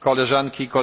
koleżanki i koledzy